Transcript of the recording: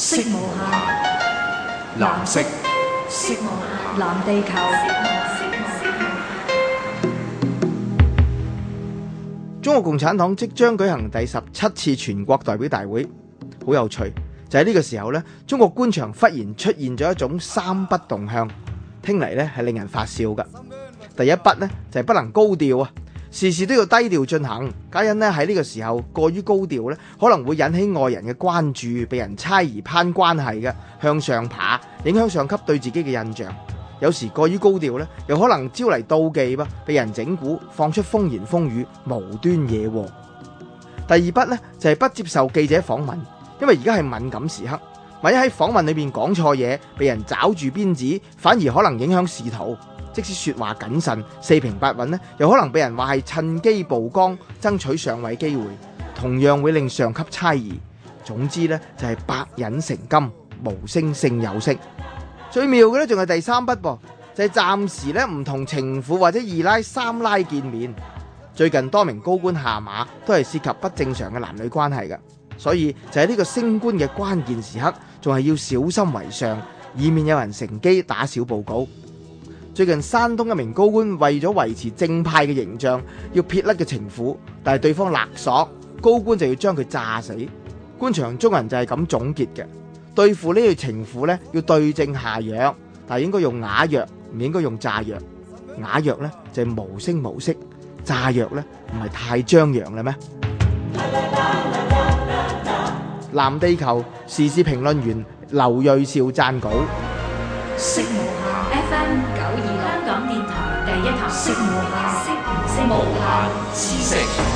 色無限，藍色。色無限，藍地球。色母色母，中國共產黨即將舉行第十七次全國代表大會，好有趣。就喺呢個時候呢，中國官場忽然出現咗一種三不動向，聽嚟呢係令人發笑嘅。第一筆呢，就係不能高調啊！事事都要低調進行，皆因咧喺呢個時候過於高調咧，可能會引起外人嘅關注，被人猜疑攀關係嘅向上爬，影響上級對自己嘅印象。有時過於高調咧，又可能招嚟妒忌噃，被人整蠱，放出風言風語，無端惹禍。第二不咧就係不接受記者訪問，因為而家係敏感時刻，萬一喺訪問裏邊講錯嘢，被人抓住鞭子，反而可能影響仕途。即使說話謹慎，四平八穩咧，又可能俾人話係趁機曝光，爭取上位機會，同樣會令上級猜疑。總之呢就係百忍成金，無聲勝有聲。最妙嘅咧，仲係第三筆噃，就係、是、暫時咧唔同情婦或者二奶，三奶見面。最近多名高官下馬，都係涉及不正常嘅男女關係嘅，所以就喺呢個升官嘅關鍵時刻，仲係要小心為上，以免有人乘機打小報告。最近山東一名高官為咗維持正派嘅形象，要撇甩嘅情婦，但係對方勒索，高官就要將佢炸死。官場中人就係咁總結嘅：對付呢條情婦咧，要對症下藥，但係應該用啞藥，唔應該用炸藥。啞藥咧就係無聲無息，炸藥咧唔係太張揚啦咩？藍地球時事評論員劉銳紹撰稿。FM 九二香港電台第一台，聲無限，聲息無限，無限之城。經